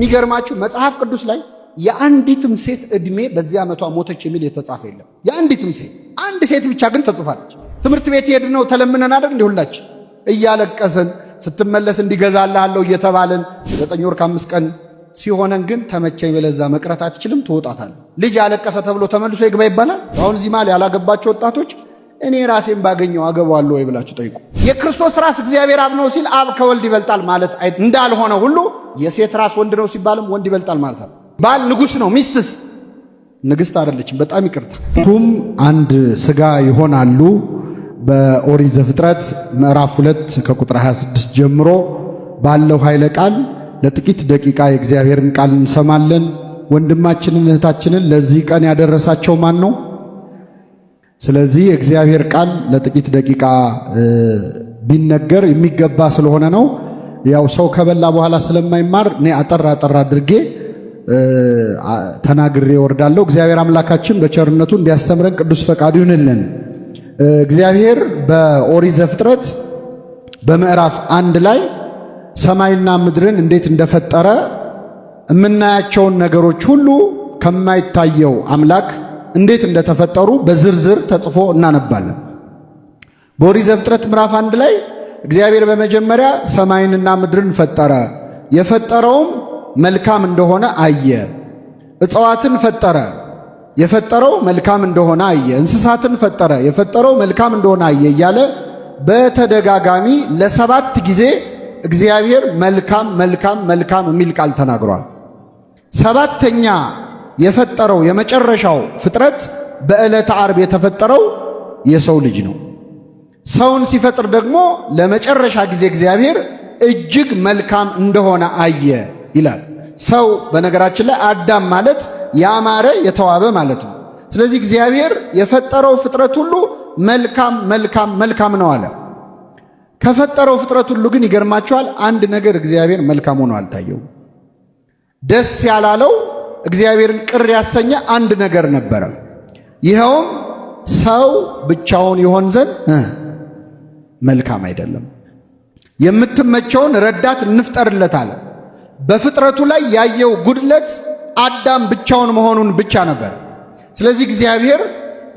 የሚገርማችሁ መጽሐፍ ቅዱስ ላይ የአንዲትም ሴት እድሜ በዚህ ዓመቷ ሞተች የሚል የተጻፈ የለም። የአንዲትም ሴት አንድ ሴት ብቻ ግን ተጽፋለች። ትምህርት ቤት ነው ተለምነን አደር እንዲሁላችን እያለቀስን ስትመለስ እንዲገዛልሃለሁ እየተባለን ዘጠኝ ወር ከአምስት ቀን ሲሆነን ግን ተመቸኝ በለዛ መቅረት አትችልም፣ ትወጣታል። ልጅ ያለቀሰ ተብሎ ተመልሶ ይግባ ይባላል። አሁን እዚህ ማል ያላገባቸው ወጣቶች እኔ ራሴን ባገኘው አገባዋለሁ ወይ ብላችሁ ጠይቁ። የክርስቶስ ራስ እግዚአብሔር አብ ነው ሲል አብ ከወልድ ይበልጣል ማለት እንዳልሆነ ሁሉ የሴት ራስ ወንድ ነው ሲባልም ወንድ ይበልጣል ማለት ነው። ባል ንጉስ ነው፣ ሚስትስ ንግስት አይደለችም። በጣም ይቅርታ። ሁለቱም አንድ ስጋ ይሆናሉ። በኦሪት ዘፍጥረት ምዕራፍ 2 ከቁጥር 26 ጀምሮ ባለው ኃይለ ቃል ለጥቂት ደቂቃ የእግዚአብሔርን ቃል እንሰማለን። ወንድማችንን እህታችንን ለዚህ ቀን ያደረሳቸው ማን ነው? ስለዚህ የእግዚአብሔር ቃል ለጥቂት ደቂቃ ቢነገር የሚገባ ስለሆነ ነው። ያው ሰው ከበላ በኋላ ስለማይማር እኔ አጠር አጠር አድርጌ ተናግሬ ወርዳለሁ። እግዚአብሔር አምላካችን በቸርነቱ እንዲያስተምረን ቅዱስ ፈቃዱ ይሁንልን። እግዚአብሔር በኦሪት ዘፍጥረት በምዕራፍ አንድ ላይ ሰማይና ምድርን እንዴት እንደፈጠረ የምናያቸውን ነገሮች ሁሉ ከማይታየው አምላክ እንዴት እንደተፈጠሩ በዝርዝር ተጽፎ እናነባለን። በኦሪት ዘፍጥረት ምዕራፍ አንድ ላይ እግዚአብሔር በመጀመሪያ ሰማይንና ምድርን ፈጠረ። የፈጠረውም መልካም እንደሆነ አየ። እጽዋትን ፈጠረ። የፈጠረው መልካም እንደሆነ አየ። እንስሳትን ፈጠረ። የፈጠረው መልካም እንደሆነ አየ እያለ በተደጋጋሚ ለሰባት ጊዜ እግዚአብሔር መልካም መልካም መልካም የሚል ቃል ተናግሯል። ሰባተኛ የፈጠረው የመጨረሻው ፍጥረት በዕለተ ዓርብ የተፈጠረው የሰው ልጅ ነው። ሰውን ሲፈጥር ደግሞ ለመጨረሻ ጊዜ እግዚአብሔር እጅግ መልካም እንደሆነ አየ ይላል። ሰው በነገራችን ላይ አዳም ማለት ያማረ የተዋበ ማለት ነው። ስለዚህ እግዚአብሔር የፈጠረው ፍጥረት ሁሉ መልካም መልካም መልካም ነው አለ። ከፈጠረው ፍጥረት ሁሉ ግን ይገርማችኋል፣ አንድ ነገር እግዚአብሔር መልካም ሆኖ አልታየው። ደስ ያላለው እግዚአብሔርን ቅር ያሰኘ አንድ ነገር ነበረ። ይኸውም ሰው ብቻውን ይሆን ዘንድ መልካም አይደለም። የምትመቸውን ረዳት እንፍጠርለት አለ። በፍጥረቱ ላይ ያየው ጉድለት አዳም ብቻውን መሆኑን ብቻ ነበር። ስለዚህ እግዚአብሔር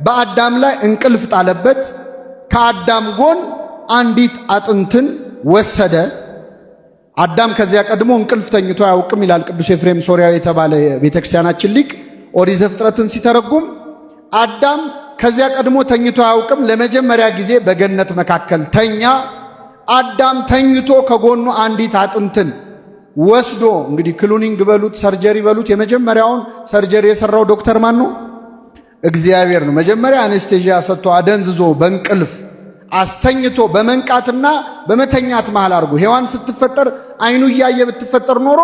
በአዳም ላይ እንቅልፍ ጣለበት። ከአዳም ጎን አንዲት አጥንትን ወሰደ። አዳም ከዚያ ቀድሞ እንቅልፍ ተኝቶ አያውቅም ይላል ቅዱስ ኤፍሬም ሶሪያ የተባለ ቤተክርስቲያናችን ሊቅ ኦሪት ዘፍጥረትን ሲተረጉም አዳም ከዚያ ቀድሞ ተኝቶ አያውቅም። ለመጀመሪያ ጊዜ በገነት መካከል ተኛ። አዳም ተኝቶ ከጎኑ አንዲት አጥንትን ወስዶ እንግዲህ ክሉኒንግ በሉት ሰርጀሪ በሉት የመጀመሪያውን ሰርጀሪ የሰራው ዶክተር ማን ነው? እግዚአብሔር ነው። መጀመሪያ አነስቴዥያ ሰጥቶ አደንዝዞ በእንቅልፍ አስተኝቶ በመንቃትና በመተኛት መሃል አድርጎ ሔዋን ስትፈጠር አይኑ እያየ ብትፈጠር ኖሮ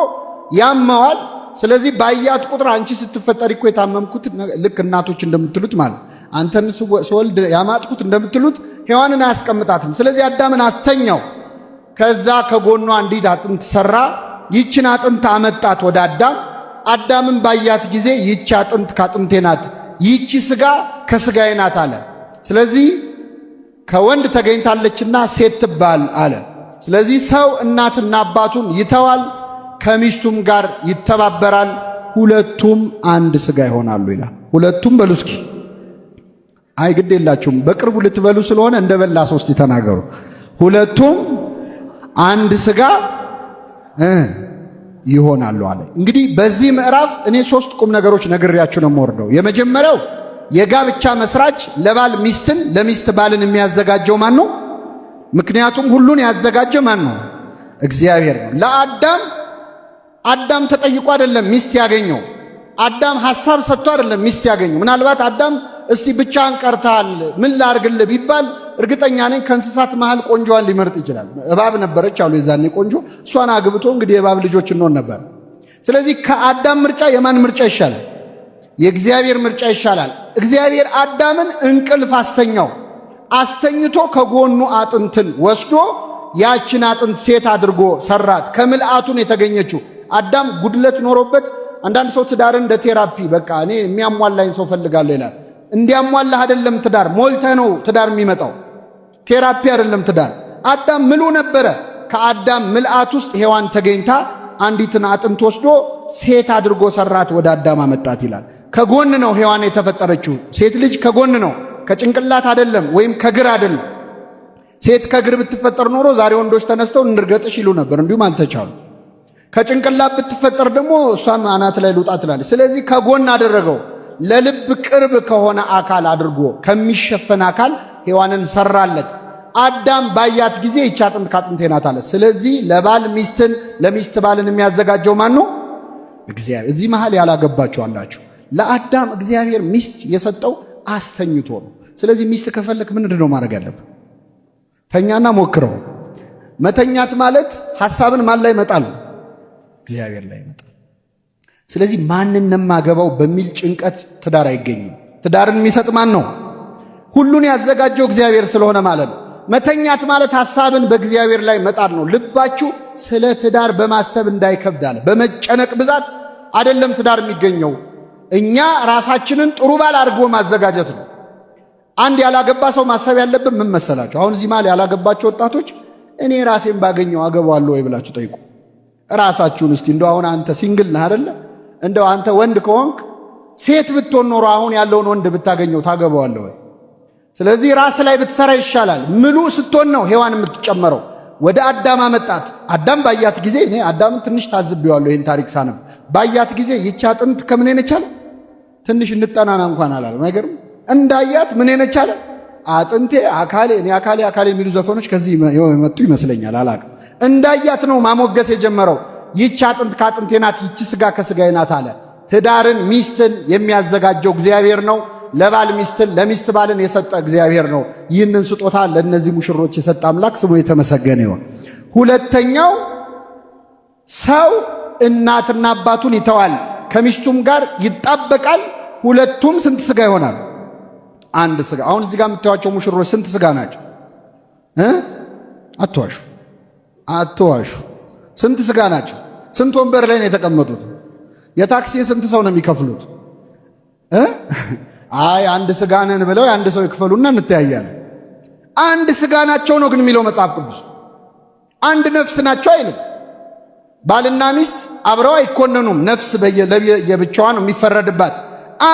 ያመዋል። ስለዚህ ባያት ቁጥር አንቺ ስትፈጠር እኮ የታመምኩት ልክ እናቶች እንደምትሉት ማለት አንተን ስወልድ ያማጥኩት እንደምትሉት ሔዋንን አያስቀምጣትም። ስለዚህ አዳምን አስተኛው። ከዛ ከጎኗ እንዲድ አጥንት ሰራ። ይችን አጥንት አመጣት ወደ አዳም። አዳምን ባያት ጊዜ ይቺ አጥንት ካጥንቴ ናት፣ ይቺ ስጋ ከስጋዬ ናት አለ። ስለዚህ ከወንድ ተገኝታለችና ሴት ትባል አለ። ስለዚህ ሰው እናትና አባቱን ይተዋል፣ ከሚስቱም ጋር ይተባበራል፣ ሁለቱም አንድ ስጋ ይሆናሉ ይላል። ሁለቱም በሉ እስኪ አይ ግድ የላችሁም በቅርቡ ልትበሉ ስለሆነ እንደ በላ ሶስት ተናገሩ። ሁለቱም አንድ ስጋ ይሆናሉ አለ። እንግዲህ በዚህ ምዕራፍ እኔ ሶስት ቁም ነገሮች ነግሬያችሁ ነው የምወርደው። የመጀመሪያው የጋብቻ መስራች ለባል ሚስትን ለሚስት ባልን የሚያዘጋጀው ማን ነው? ምክንያቱም ሁሉን ያዘጋጀ ማን ነው? እግዚአብሔር ነው። ለአዳም አዳም ተጠይቆ አይደለም ሚስት ያገኘው። አዳም ሐሳብ ሰጥቶ አይደለም ሚስት ያገኘው። ምናልባት አዳም እስቲ ብቻህን ቀርተሃል ምን ላርግልህ ቢባል እርግጠኛ ነኝ ከእንስሳት መሃል ቆንጆዋን ሊመርጥ ይችላል። እባብ ነበረች አሉ የዛኔ ቆንጆ። እሷን አግብቶ እንግዲህ የእባብ ልጆች እንሆን ነበር። ስለዚህ ከአዳም ምርጫ የማን ምርጫ ይሻላል? የእግዚአብሔር ምርጫ ይሻላል። እግዚአብሔር አዳምን እንቅልፍ አስተኛው። አስተኝቶ ከጎኑ አጥንትን ወስዶ ያችን አጥንት ሴት አድርጎ ሰራት። ከምልአቱን የተገኘችው አዳም ጉድለት ኖሮበት አንዳንድ ሰው ትዳርን እንደ ቴራፒ በቃ እኔ የሚያሟላኝ ሰው ፈልጋለሁ ይላል። እንዲያሟላህ አይደለም ትዳር ሞልተህ ነው ትዳር የሚመጣው። ቴራፒ አይደለም ትዳር። አዳም ምሉ ነበረ። ከአዳም ምልአት ውስጥ ሔዋን ተገኝታ አንዲትን አጥንት ወስዶ ሴት አድርጎ ሰራት፣ ወደ አዳም አመጣት ይላል። ከጎን ነው ሔዋን የተፈጠረችው። ሴት ልጅ ከጎን ነው ከጭንቅላት አይደለም፣ ወይም ከግር አይደለም። ሴት ከግር ብትፈጠር ኖሮ ዛሬ ወንዶች ተነስተው እንርገጥሽ ይሉ ነበር። እንዲሁም አልተቻሉ። ከጭንቅላት ብትፈጠር ደግሞ እሷም አናት ላይ ልውጣ ትላለች። ስለዚህ ከጎን አደረገው። ለልብ ቅርብ ከሆነ አካል አድርጎ ከሚሸፈን አካል ሔዋንን ሰራለት። አዳም ባያት ጊዜ ይህች አጥንት ከአጥንቴ ናት አለ። ስለዚህ ለባል ሚስትን ለሚስት ባልን የሚያዘጋጀው ማን ነው? እግዚአብሔር። እዚህ መሃል ያላገባችሁ አላችሁ። ለአዳም እግዚአብሔር ሚስት የሰጠው አስተኝቶ ነው። ስለዚህ ሚስት ከፈለክ ምንድን ነው ማድረግ ያለብህ? ተኛና ሞክረው። መተኛት ማለት ሐሳብን ማን ላይ ይመጣል? እግዚአብሔር ላይ መጣል። ስለዚህ ማንን ማገባው በሚል ጭንቀት ትዳር አይገኝም። ትዳርን የሚሰጥ ማን ነው? ሁሉን ያዘጋጀው እግዚአብሔር ስለሆነ ማለት ነው። መተኛት ማለት ሐሳብን በእግዚአብሔር ላይ መጣድ ነው። ልባችሁ ስለ ትዳር በማሰብ እንዳይከብድ አለ። በመጨነቅ ብዛት አይደለም ትዳር የሚገኘው። እኛ ራሳችንን ጥሩ ባል አድርጎ ማዘጋጀት ነው። አንድ ያላገባ ሰው ማሰብ ያለብን ምን መሰላችሁ? አሁን እዚህ ማል ያላገባቸው ወጣቶች እኔ ራሴን ባገኘው አገባዋለሁ ወይ ብላችሁ ጠይቁ ራሳችሁን እስቲ። እንደ አሁን አንተ ሲንግል ነህ አደለም? እንደው አንተ ወንድ ከሆንክ ሴት ብትሆን ኖሮ አሁን ያለውን ወንድ ብታገኘው ታገባዋለህ ወይ? ስለዚህ ራስ ላይ ብትሰራ ይሻላል። ምሉ ስትሆን ነው ሔዋን የምትጨመረው። ወደ አዳም አመጣት። አዳም ባያት ጊዜ እኔ አዳም ትንሽ ታዝቤዋለሁ። ይህን ታሪክ ሳነብ ባያት ጊዜ ይቻ ጥንት ከምን ነቻል ትንሽ እንጠናና እንኳን አላለም። አይገርም? እንዳያት ምን ነቻለ አጥንቴ አካሌ እኔ አካሌ አካሌ የሚሉ ዘፈኖች ከዚህ የመጡ ይመስለኛል። አላቅም። እንዳያት ነው ማሞገስ የጀመረው። ይቺ አጥንት ከአጥንቴ ናት፣ ይቺ ስጋ ከስጋዬ ናት አለ። ትዳርን ሚስትን የሚያዘጋጀው እግዚአብሔር ነው። ለባል ሚስትን ለሚስት ባልን የሰጠ እግዚአብሔር ነው። ይህንን ስጦታ ለእነዚህ ሙሽሮች የሰጠ አምላክ ስሙ የተመሰገነ ይሆን። ሁለተኛው ሰው እናትና አባቱን ይተዋል፣ ከሚስቱም ጋር ይጣበቃል። ሁለቱም ስንት ስጋ ይሆናል? አንድ ስጋ። አሁን እዚህ ጋር የምታዩቸው ሙሽሮች ስንት ስጋ ናቸው? አትዋሹ፣ አትዋሹ ስንት ስጋ ናቸው? ስንት ወንበር ላይ ነው የተቀመጡት? የታክሲ ስንት ሰው ነው የሚከፍሉት? አይ አንድ ስጋ ነን ብለው የአንድ ሰው ይክፈሉና እንተያያለን። አንድ ስጋ ናቸው ነው ግን የሚለው መጽሐፍ ቅዱስ፣ አንድ ነፍስ ናቸው አይልም። ባልና ሚስት አብረው አይኮነኑም። ነፍስ የብቻዋ ነው የሚፈረድባት።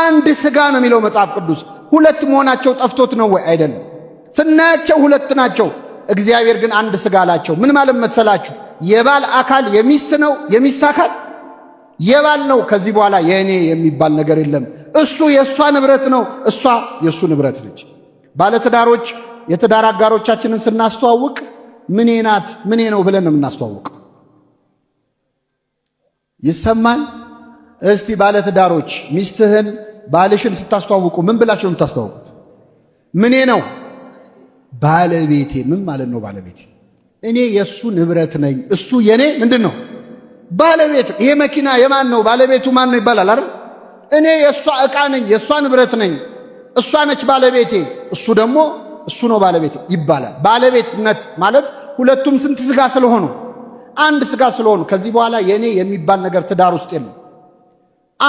አንድ ስጋ ነው የሚለው መጽሐፍ ቅዱስ። ሁለት መሆናቸው ጠፍቶት ነው ወይ? አይደለም። ስናያቸው ሁለት ናቸው፣ እግዚአብሔር ግን አንድ ስጋ አላቸው። ምን ማለት መሰላችሁ? የባል አካል የሚስት ነው፣ የሚስት አካል የባል ነው። ከዚህ በኋላ የእኔ የሚባል ነገር የለም። እሱ የእሷ ንብረት ነው፣ እሷ የእሱ ንብረት ነች። ባለትዳሮች የትዳር አጋሮቻችንን ስናስተዋውቅ ምኔ ናት ምኔ ነው ብለን ነው የምናስተዋውቅ። ይሰማል? እስቲ ባለትዳሮች ሚስትህን ባልሽን ስታስተዋውቁ ምን ብላችሁ ነው የምታስተዋውቁት? ምኔ ነው ባለቤቴ። ምን ማለት ነው ባለቤቴ? እኔ የእሱ ንብረት ነኝ፣ እሱ የእኔ ምንድን ነው ባለቤት። ይሄ መኪና የማን ነው? ባለቤቱ ማን ነው ይባላል አይደል? እኔ የእሷ ዕቃ ነኝ፣ የእሷ ንብረት ነኝ፣ እሷ ነች ባለቤቴ፣ እሱ ደግሞ እሱ ነው ባለቤቴ ይባላል። ባለቤትነት ማለት ሁለቱም ስንት ስጋ ስለሆኑ አንድ ስጋ ስለሆኑ ከዚህ በኋላ የእኔ የሚባል ነገር ትዳር ውስጥ የለም።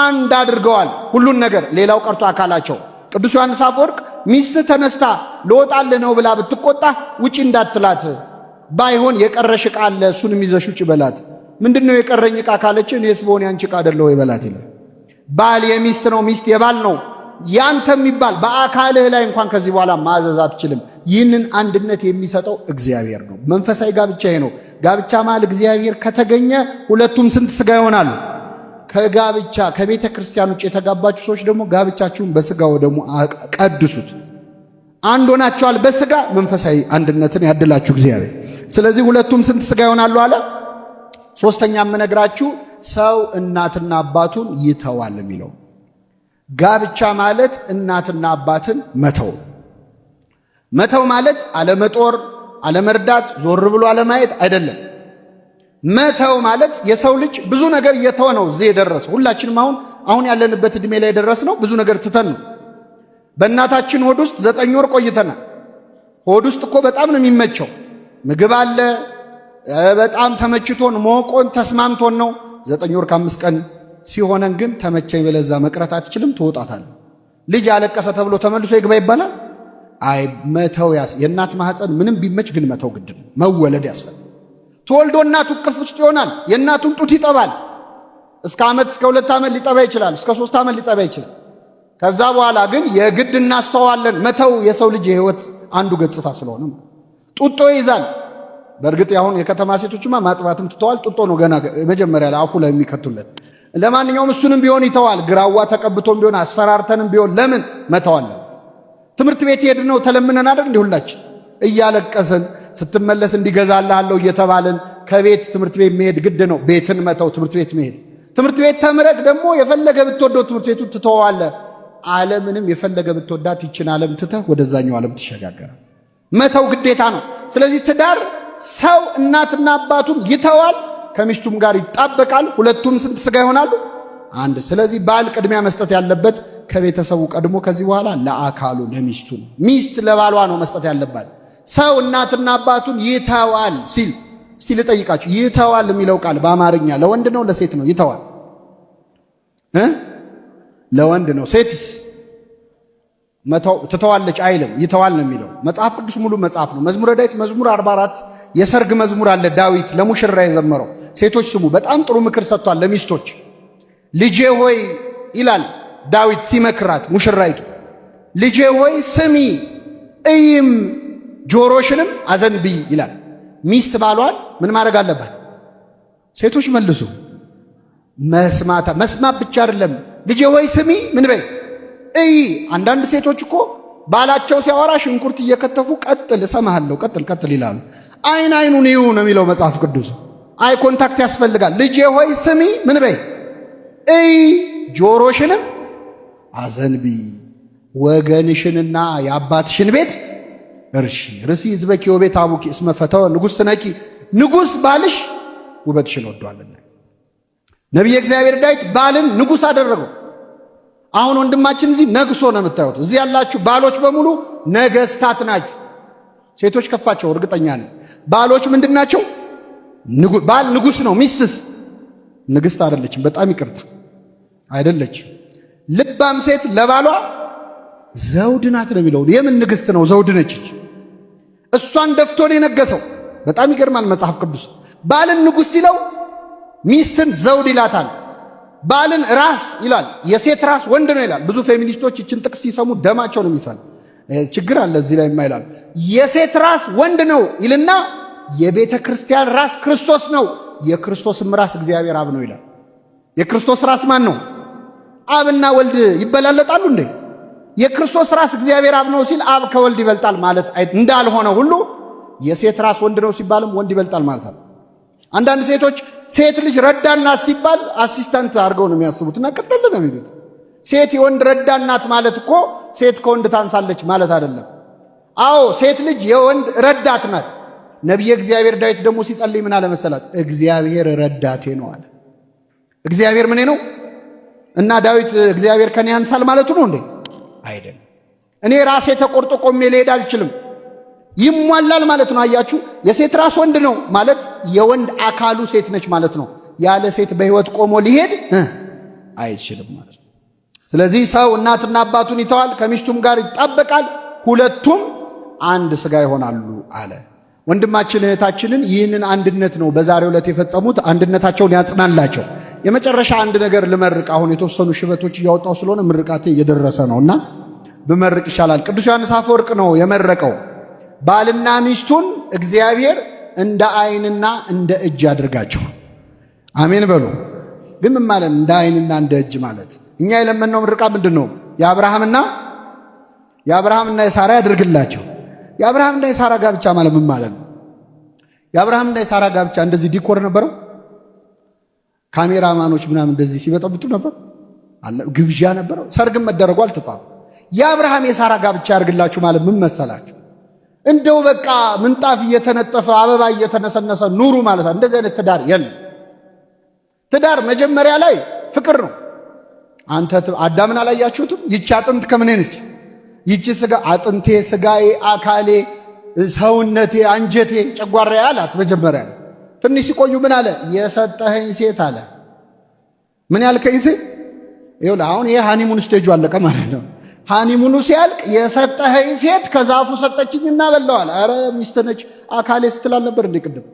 አንድ አድርገዋል ሁሉን ነገር፣ ሌላው ቀርቶ አካላቸው። ቅዱስ ዮሐንስ አፈወርቅ ሚስት ተነስታ ልወጣልህ ነው ብላ ብትቆጣ ውጪ እንዳትላት ባይሆን የቀረሽ ዕቃ አለ፣ እሱንም ይዘሽ ውጭ በላት። ምንድነው የቀረኝ ዕቃ ካለች እኔስ በሆን ያንቺ ዕቃ አይደለሁ ይበላት ይላል። ባል የሚስት ነው፣ ሚስት የባል ነው። ያንተ የሚባል በአካልህ ላይ እንኳን ከዚህ በኋላ ማዘዝ አትችልም። ይህንን አንድነት የሚሰጠው እግዚአብሔር ነው። መንፈሳዊ ጋብቻ ይሄ ነው። ጋብቻ መሃል እግዚአብሔር ከተገኘ ሁለቱም ስንት ስጋ ይሆናሉ። ከጋብቻ ከቤተ ክርስቲያን ውጭ የተጋባችሁ ሰዎች ደግሞ ጋብቻችሁን በስጋ ወደሙ ቀድሱት። አንድ ሆናችኋል። በስጋ መንፈሳዊ አንድነትን ያድላችሁ እግዚአብሔር ስለዚህ ሁለቱም ስንት ስጋ ይሆናሉ አለ። ሶስተኛ የምነግራችሁ ሰው እናትና አባቱን ይተዋል የሚለው ጋብቻ ማለት እናትና አባትን መተው መተው ማለት አለመጦር፣ አለመርዳት፣ ዞር ብሎ አለማየት አይደለም። መተው ማለት የሰው ልጅ ብዙ ነገር እየተወ ነው እዚህ ደረሰ ሁላችንም አሁን አሁን ያለንበት እድሜ ላይ ነው ብዙ ነገር ትተን ነው። በእናታችን ሆድ ውስጥ ዘጠኝ ወር ቆይተናል። ሆድ ውስጥ እኮ በጣም ነው የሚመቸው ምግብ አለ። በጣም ተመችቶን ሞቆን ተስማምቶን ነው። ዘጠኝ ወር ከአምስት ቀን ሲሆነን ግን ተመቸኝ በለዛ መቅረት አትችልም፣ ትወጣታል። ልጅ አለቀሰ ተብሎ ተመልሶ ይግባ ይባላል። አይ መተው ያስ የእናት ማህፀን ምንም ቢመች ግን መተው ግድ ነው። መወለድ ያስፈል ተወልዶ እናቱ ቅፍ ውስጥ ይሆናል። የእናቱን ጡት ይጠባል። እስከ ዓመት እስከ ሁለት ዓመት ሊጠባ ይችላል። እስከ ሶስት ዓመት ሊጠባ ይችላል። ከዛ በኋላ ግን የግድ እናስተዋለን። መተው የሰው ልጅ የህይወት አንዱ ገጽታ ስለሆነ ጡጦ ይይዛል። በእርግጥ አሁን የከተማ ሴቶችማ ማጥባትም ትተዋል። ጡጦ ነው ገና መጀመሪያ ላይ አፉ ላይ የሚከቱለት። ለማንኛውም እሱንም ቢሆን ይተዋል። ግራዋ ተቀብቶም ቢሆን አስፈራርተንም ቢሆን ለምን መተዋል? ትምህርት ቤት ሄድ ነው ተለምነን አደር እንዲህ ሁላችን እያለቀስን ስትመለስ እንዲገዛልሃለሁ እየተባልን ከቤት ትምህርት ቤት መሄድ ግድ ነው። ቤትን መተው ትምህርት ቤት መሄድ ትምህርት ቤት ተምረህ ደግሞ የፈለገ ብትወደው ትምህርት ቤቱ ትተዋለ። ዓለምንም የፈለገ ብትወዳት ይችን ዓለም ትተህ ወደዛኛው ዓለም ትሸጋገራል። መተው ግዴታ ነው። ስለዚህ ትዳር ሰው እናትና አባቱን ይተዋል፣ ከሚስቱም ጋር ይጣበቃል። ሁለቱም ስንት ስጋ ይሆናሉ? አንድ። ስለዚህ ባል ቅድሚያ መስጠት ያለበት ከቤተሰቡ ቀድሞ ከዚህ በኋላ ለአካሉ ለሚስቱ ነው። ሚስት ለባሏ ነው መስጠት ያለባት። ሰው እናትና አባቱን ይተዋል ሲል እስቲ ልጠይቃችሁ፣ ይተዋል የሚለው ቃል በአማርኛ ለወንድ ነው ለሴት ነው? ይተዋል ለወንድ ነው። ሴትስ ትተዋለች አይልም፣ ይተዋል ነው የሚለው። መጽሐፍ ቅዱስ ሙሉ መጽሐፍ ነው። መዝሙረ ዳዊት መዝሙር 44 የሰርግ መዝሙር አለ። ዳዊት ለሙሽራ የዘመረው ሴቶች ስሙ፣ በጣም ጥሩ ምክር ሰጥቷል ለሚስቶች። ልጄ ሆይ ይላል ዳዊት ሲመክራት ሙሽራይቱ፣ ልጄ ሆይ ስሚ እይም ጆሮሽንም አዘንቢ ይላል። ሚስት ባሏን ምን ማድረግ አለባት? ሴቶች መልሱ፣ መስማታ መስማት ብቻ አይደለም። ልጄ ሆይ ስሚ ምን በይ እይ። አንዳንድ ሴቶች እኮ ባላቸው ሲያወራ ሽንኩርት እየከተፉ ቀጥል፣ እሰማሃለሁ፣ ቀጥል፣ ቀጥል ይላሉ። አይን አይኑን ይዩ ነው የሚለው መጽሐፍ ቅዱስ። አይ ኮንታክት ያስፈልጋል። ልጄ ሆይ ስሚ፣ ምን በይ፣ እይ። ጆሮሽንም አዘንቢ፣ ወገንሽንና የአባትሽን ቤት እርሺ። ርሲ ዝበኪ ወቤት አቡኪ እስመ ፈተወ ንጉሥ ነኪ፣ ንጉሥ ባልሽ ውበትሽን ወዷልና። ነቢየ እግዚአብሔር ዳዊት ባልን ንጉሥ አደረገው። አሁን ወንድማችን እዚህ ነግሶ ነው የምታዩት። እዚህ ያላችሁ ባሎች በሙሉ ነገስታት ናችሁ። ሴቶች ከፋቸው እርግጠኛ ነኝ። ባሎች ምንድን ናቸው? ባል ንጉስ ነው። ሚስትስ ንግስት አይደለችም። በጣም ይቅርታ አይደለችም። ልባም ሴት ለባሏ ዘውድ ናት ነው የሚለው። የምን ንግስት ነው? ዘውድ ነች። እሷን ደፍቶ ነው የነገሰው። በጣም ይገርማል። መጽሐፍ ቅዱስ ባልን ንጉስ ሲለው ሚስትን ዘውድ ይላታል። ባልን ራስ ይላል። የሴት ራስ ወንድ ነው ይላል። ብዙ ፌሚኒስቶች ይችን ጥቅስ ሲሰሙ ደማቸው ነው የሚፈል። ችግር አለ እዚህ ላይ ይላል። የሴት ራስ ወንድ ነው ይልና የቤተ ክርስቲያን ራስ ክርስቶስ ነው፣ የክርስቶስም ራስ እግዚአብሔር አብ ነው ይላል። የክርስቶስ ራስ ማን ነው? አብና ወልድ ይበላለጣሉ እንዴ? የክርስቶስ ራስ እግዚአብሔር አብ ነው ሲል አብ ከወልድ ይበልጣል ማለት እንዳልሆነ ሁሉ የሴት ራስ ወንድ ነው ሲባልም ወንድ ይበልጣል ማለት ነው። አንዳንድ ሴቶች ሴት ልጅ ረዳናት ሲባል አሲስታንት አድርገው ነው የሚያስቡት እና ቅጥል ነው የሚሉት። ሴት የወንድ ረዳናት ማለት እኮ ሴት ከወንድ ታንሳለች ማለት አይደለም። አዎ ሴት ልጅ የወንድ ረዳት ናት። ነቢየ እግዚአብሔር ዳዊት ደግሞ ሲጸልይ ምን አለ መሰላት? እግዚአብሔር ረዳቴ ነው አለ። እግዚአብሔር ምን ነው እና ዳዊት እግዚአብሔር ከኔ ያንሳል ማለቱ ነው እንዴ? አይደለም። እኔ ራሴ ተቆርጦ ቆሜ ልሄድ አልችልም። ይሟላል ማለት ነው። አያችሁ፣ የሴት ራስ ወንድ ነው ማለት የወንድ አካሉ ሴት ነች ማለት ነው። ያለ ሴት በህይወት ቆሞ ሊሄድ አይችልም ማለት ነው። ስለዚህ ሰው እናትና አባቱን ይተዋል፣ ከሚስቱም ጋር ይጣበቃል፣ ሁለቱም አንድ ስጋ ይሆናሉ አለ። ወንድማችን እህታችንን ይህንን አንድነት ነው በዛሬው ዕለት የፈጸሙት። አንድነታቸውን ያጽናላቸው። የመጨረሻ አንድ ነገር ልመርቅ። አሁን የተወሰኑ ሽበቶች እያወጣው ስለሆነ ምርቃቴ እየደረሰ ነውና ብመርቅ ይሻላል። ቅዱስ ዮሐንስ አፈወርቅ ነው የመረቀው። ባልና ሚስቱን እግዚአብሔር እንደ አይንና እንደ እጅ አድርጋቸው። አሜን በሉ። ግን ምን ማለት እንደ አይንና እንደ እጅ ማለት? እኛ የለመነው ምርቃ ምንድን ነው? የአብርሃምና የአብርሃምና የሳራ ያድርግላቸው። የአብርሃምና የሳራ ጋብቻ ማለት ምን ማለት ነው? የአብርሃምና የሳራ ጋብቻ እንደዚህ ዲኮር ነበረው? ካሜራማኖች ምናምን እንደዚህ ሲበጠብጡ ነበር? ግብዣ ነበረው? ሰርግም መደረጉ አልተጻፈ። የአብርሃም የሳራ ጋብቻ ያድርግላችሁ ማለት ምን መሰላችሁ? እንደው በቃ ምንጣፍ እየተነጠፈ አበባ እየተነሰነሰ ኑሩ ማለት እንደዚህ አይነት ትዳር የለም። ትዳር መጀመሪያ ላይ ፍቅር ነው። አንተ አዳምን አላያችሁትም? ይቺ አጥንት ከምን ነች? ይቺ ስጋ አጥንቴ፣ ስጋዬ፣ አካሌ፣ ሰውነቴ፣ አንጀቴ፣ ጨጓራ አላት መጀመሪያ ነው። ትንሽ ሲቆዩ ምን አለ? የሰጠኸኝ ሴት አለ። ምን ያልከኝ ሴት? ይኸውልህ አሁን ይሄ ሃኒሙን ስቴጁ አለቀ ማለት ነው። ሃኒሙኑ ሲያልቅ የሰጠኸኝ ሴት ከዛፉ ሰጠችኝና በለዋል። አረ ሚስት ነች አካሌ ስትላል ነበር እንደ ቅድም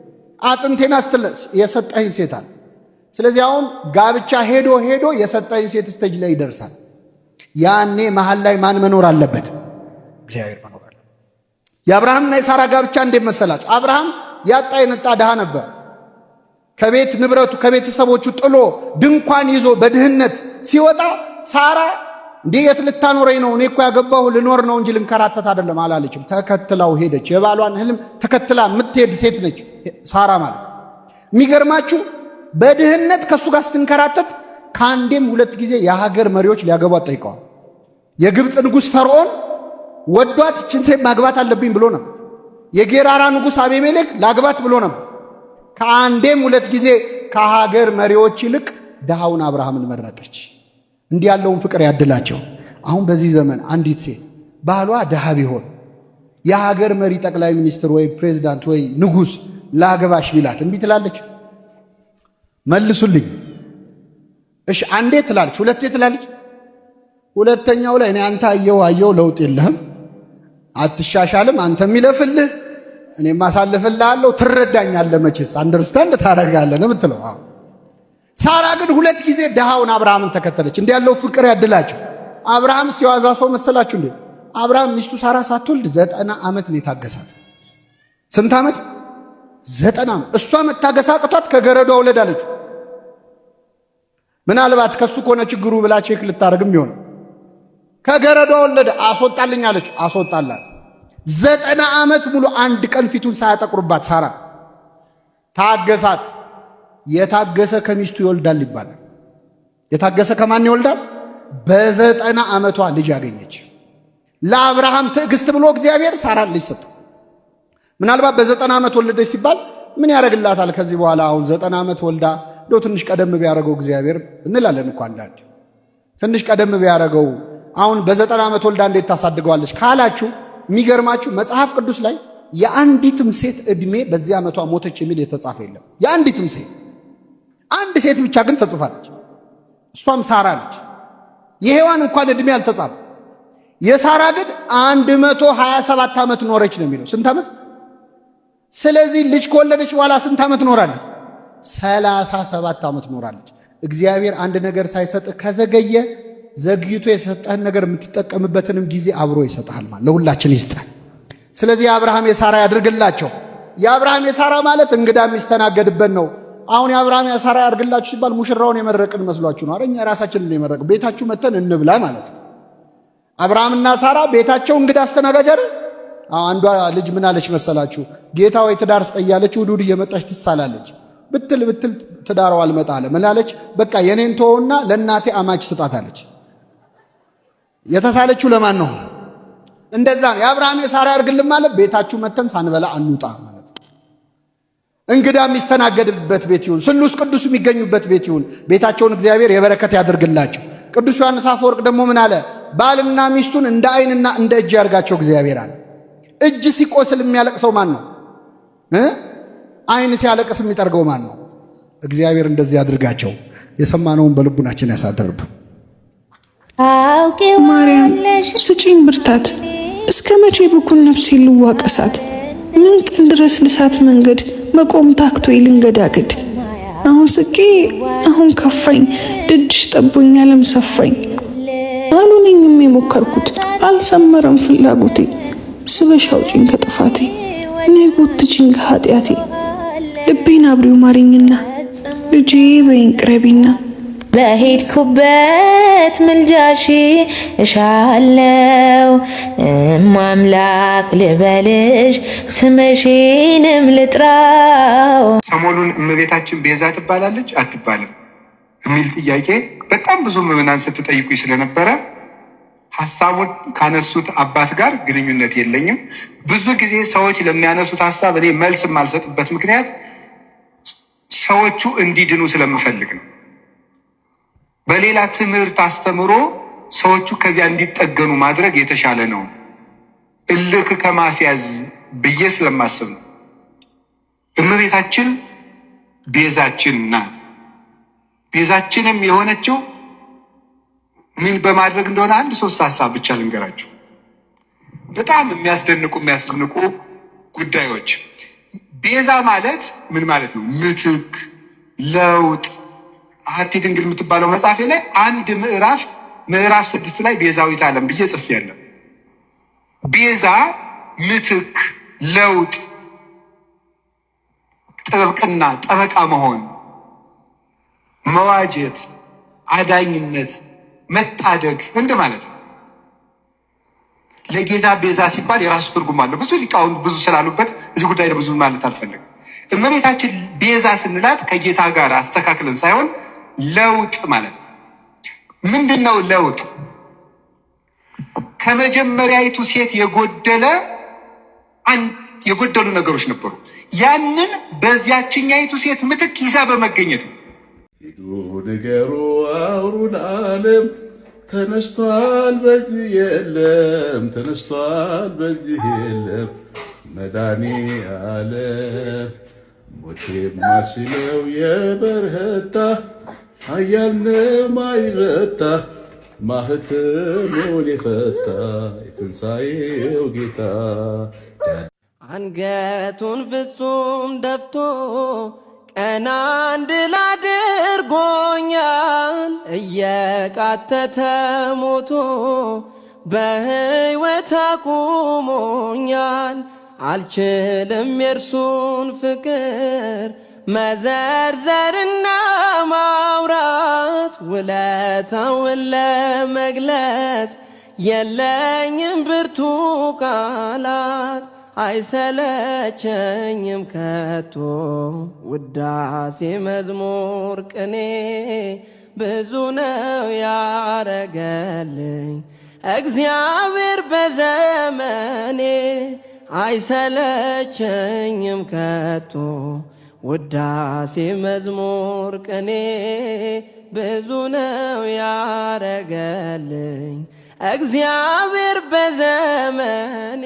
አጥንቴና ስትለስ የሰጠኸኝ ሴት አለ። ስለዚህ አሁን ጋብቻ ሄዶ ሄዶ የሰጠኝ ሴት ስተጅ ላይ ይደርሳል። ያኔ መሀል ላይ ማን መኖር አለበት? እግዚአብሔር መኖር አለበት። የአብርሃምና የሳራ ጋብቻ እንዴት መሰላችሁ? አብርሃም ያጣ የነጣ ድሃ ነበር። ከቤት ንብረቱ ከቤተሰቦቹ ጥሎ ድንኳን ይዞ በድህነት ሲወጣ ሳራ እንዴ የት ልታኖረኝ ነው? እኔ እኮ ያገባሁ ልኖር ነው እንጂ ልንከራተት አይደለም አላለችም። ተከትላው ሄደች። የባሏን ህልም ተከትላ የምትሄድ ሴት ነች ሳራ ማለት። የሚገርማችሁ በድህነት ከእሱ ጋር ስትንከራተት ከአንዴም ሁለት ጊዜ የሀገር መሪዎች ሊያገቧት ጠይቀዋል። የግብፅ ንጉሥ ፈርዖን ወዷት ይችን ሴት ማግባት አለብኝ ብሎ ነበር። የጌራራ ንጉሥ አቤሜሌክ ላግባት ብሎ ነበር። ከአንዴም ሁለት ጊዜ ከሀገር መሪዎች ይልቅ ድሃውን አብርሃምን መረጠች። እንዲህ ያለውን ፍቅር ያድላቸው። አሁን በዚህ ዘመን አንዲት ሴት ባሏ ድሃ ቢሆን የሀገር መሪ ጠቅላይ ሚኒስትር ወይ ፕሬዚዳንት ወይ ንጉሥ ላገባሽ ቢላት እምቢ ትላለች? መልሱልኝ። እሺ አንዴ ትላለች፣ ሁለቴ ትላለች። ሁለተኛው ላይ እኔ አንተ አየው አየው ለውጥ የለህም አትሻሻልም፣ አንተ የሚለፍልህ እኔ ማሳልፍልሃለሁ፣ ትረዳኛለህ፣ መችስ አንደርስታንድ ታደርጋለህ ነው የምትለው ሳራ ግን ሁለት ጊዜ ድሃውን አብርሃምን ተከተለች። እንዲህ ያለው ፍቅር ያድላችሁ። አብርሃም ሲዋዛ ሰው መሰላችሁ እንዴ? አብርሃም ሚስቱ ሳራ ሳትወልድ ዘጠና ዓመት ነው የታገሳት። ስንት ዓመት? ዘጠና ዓመት። እሷ መታገሳ አቅቷት ከገረዷ ውለድ ምናልባት ከሱ ከሆነ ችግሩ ብላ ቼክ ልታደርግም ይሆን። ከገረዷ ወለደ። አስወጣልኝ አለች። አስወጣላት። ዘጠና ዓመት ሙሉ አንድ ቀን ፊቱን ሳያጠቁርባት ሳራ ታገሳት። የታገሰ ከሚስቱ ይወልዳል ይባላል። የታገሰ ከማን ይወልዳል? በዘጠና ዓመቷ ልጅ ያገኘች ለአብርሃም ትዕግስት ብሎ እግዚአብሔር ሳራን ልጅ ሰጠ። ምናልባት በዘጠና ዓመት ወለደች ሲባል ምን ያደርግላታል? ከዚህ በኋላ አሁን ዘጠና ዓመት ወልዳ እንደው ትንሽ ቀደም ቢያደርገው እግዚአብሔር እንላለን እኮ አንዳንድ ትንሽ ቀደም ቢያደርገው አሁን በዘጠና ዓመት ወልዳ እንዴት ታሳድገዋለች ካላችሁ የሚገርማችሁ መጽሐፍ ቅዱስ ላይ የአንዲትም ሴት ዕድሜ በዚህ ዓመቷ ሞተች የሚል የተጻፈ የለም። የአንዲትም ሴት አንድ ሴት ብቻ ግን ተጽፋለች። እሷም ሳራ ነች። የሔዋን እንኳን ዕድሜ አልተጻፈ። የሳራ ግን አንድ መቶ ሰባት ዓመት ኖረች ነው የሚለው። ስንት ዓመት? ስለዚህ ልጅ ከወለደች በኋላ ስንት ዓመት ኖራለች? ሰላሳ ሰባት ዓመት ኖራለች። እግዚአብሔር አንድ ነገር ሳይሰጥ ከዘገየ ዘግይቶ የሰጠህን ነገር የምትጠቀምበትንም ጊዜ አብሮ ይሰጣል። ማለት ለሁላችን ይስጠን። ስለዚህ የአብርሃም የሳራ ያድርግላቸው። የአብርሃም የሳራ ማለት እንግዳ የሚስተናገድበት ነው። አሁን የአብርሃም ያሳራ ያርግላችሁ ሲባል ሙሽራውን የመረቅን መስሏችሁ ነው። እኛ ራሳችንን ነው የመረቅ። ቤታችሁ መተን እንብላ ማለት ነው። አብርሃምና ሳራ ቤታቸው እንግዳ አስተናጋጀር። አንዷ ልጅ ምን አለች መሰላችሁ? ጌታ ወይ ትዳር ስጠያለች፣ አለች። እየመጣች ትሳላለች። ብትል ብትል ትዳረው አልመጣለ አለ። ምን አለች? በቃ የኔን ተወውና ለእናቴ አማች ስጣታለች። የተሳለችው ለማን ነው? እንደዛ ነው። የአብርሃም የሳራ ያርግልን ማለት ቤታችሁ መተን ሳንበላ አንውጣ እንግዳ የሚስተናገድበት ቤት ይሁን፣ ስሉስ ቅዱስ የሚገኙበት ቤት ይሁን። ቤታቸውን እግዚአብሔር የበረከት ያደርግላቸው። ቅዱስ ዮሐንስ አፈወርቅ ደግሞ ምን አለ? ባልና ሚስቱን እንደ ዓይንና እንደ እጅ ያርጋቸው እግዚአብሔር አለ። እጅ ሲቆስል የሚያለቅሰው ማን ነው? ዓይን ሲያለቅስ የሚጠርገው ማን ነው? እግዚአብሔር እንደዚህ ያድርጋቸው። የሰማነውን በልቡናችን ያሳደርብ። ማርያም ስጪኝ ብርታት፣ እስከ መቼ ብኩን ነፍሴ ልዋቀሳት? ምን ቀን ድረስ ልሳት መንገድ መቆም ታክቶ ልንገዳግድ። አሁን ስቄ፣ አሁን ከፋኝ፣ ድድሽ ጠቦኝ፣ አለም ሰፋኝ። አልሆነኝም የሞከርኩት አልሰመረም ፍላጎቴ። ስበሻው አውጪኝ ከጥፋቴ፣ ጎት ጎትችኝ ከኃጢአቴ። ልቤን አብሪው ማሪኝና ልጄ በይን ቅረቢና በሄድኩበት ምልጃሺ እሻለው እማምላክ ልበልሽ ስምሽንም ልጥራው። ሰሞኑን እመቤታችን ቤዛ ትባላለች አትባልም የሚል ጥያቄ በጣም ብዙ ምዕመናን ስትጠይቁኝ ስለነበረ ሀሳቡን ካነሱት አባት ጋር ግንኙነት የለኝም። ብዙ ጊዜ ሰዎች ለሚያነሱት ሀሳብ እኔ መልስ የማልሰጥበት ምክንያት ሰዎቹ እንዲድኑ ስለምፈልግ ነው። በሌላ ትምህርት አስተምሮ ሰዎቹ ከዚያ እንዲጠገኑ ማድረግ የተሻለ ነው። እልክ ከማስያዝ ብዬ ስለማስብ ነው። እመቤታችን ቤዛችን ናት። ቤዛችንም የሆነችው ምን በማድረግ እንደሆነ አንድ ሶስት ሀሳብ ብቻ ልንገራችሁ። በጣም የሚያስደንቁ የሚያስደንቁ ጉዳዮች ቤዛ ማለት ምን ማለት ነው? ምትክ፣ ለውጥ አሐቲ ድንግል የምትባለው መጽሐፌ ላይ አንድ ምዕራፍ ምዕራፍ ስድስት ላይ ቤዛዊት ዓለም ብዬ ጽፌያለሁ። ቤዛ ምትክ፣ ለውጥ፣ ጥብቅና፣ ጠበቃ መሆን፣ መዋጀት፣ አዳኝነት፣ መታደግ እንደ ማለት ነው። ለጌዛ ቤዛ ሲባል የራሱ ትርጉም አለው። ብዙ ሊቃውንት ብዙ ስላሉበት እዚህ ጉዳይ ብዙ ማለት አልፈለግም። እመቤታችን ቤዛ ስንላት ከጌታ ጋር አስተካክለን ሳይሆን ለውጥ ማለት ነው። ምንድን ነው ለውጥ? ከመጀመሪያይቱ ሴት የጎደለ የጎደሉ ነገሮች ነበሩ። ያንን በዚያችኛይቱ ሴት ምትክ ይዛ በመገኘት ነው። ሂዱ ንገሩ አውሩን ዓለም ተነስቷል፣ በዚህ የለም፣ ተነስቷል፣ በዚህ የለም መዳኔ ዓለም ሞቴም የበርህታ አያልነ ማይረታ ማህተሙን የፈታ የትንሣኤው ጌታ አንገቱን ፍጹም ደፍቶ ቀና እየቃተተ ሞቶ በሕይወት አቁሞኛል። አልችልም የእርሱን ፍቅር መዘርዘርና ማውራት ውለታውን ለመግለጽ የለኝም ብርቱ ቃላት አይሰለቸኝም ከቶ ውዳሴ መዝሙር ቅኔ ብዙ ነው ያረገልኝ እግዚአብሔር በዘመኔ አይሰለቸኝም ከቶ ውዳሴ መዝሙር ቅኔ ብዙ ነው ያረገልኝ እግዚአብሔር በዘመኔ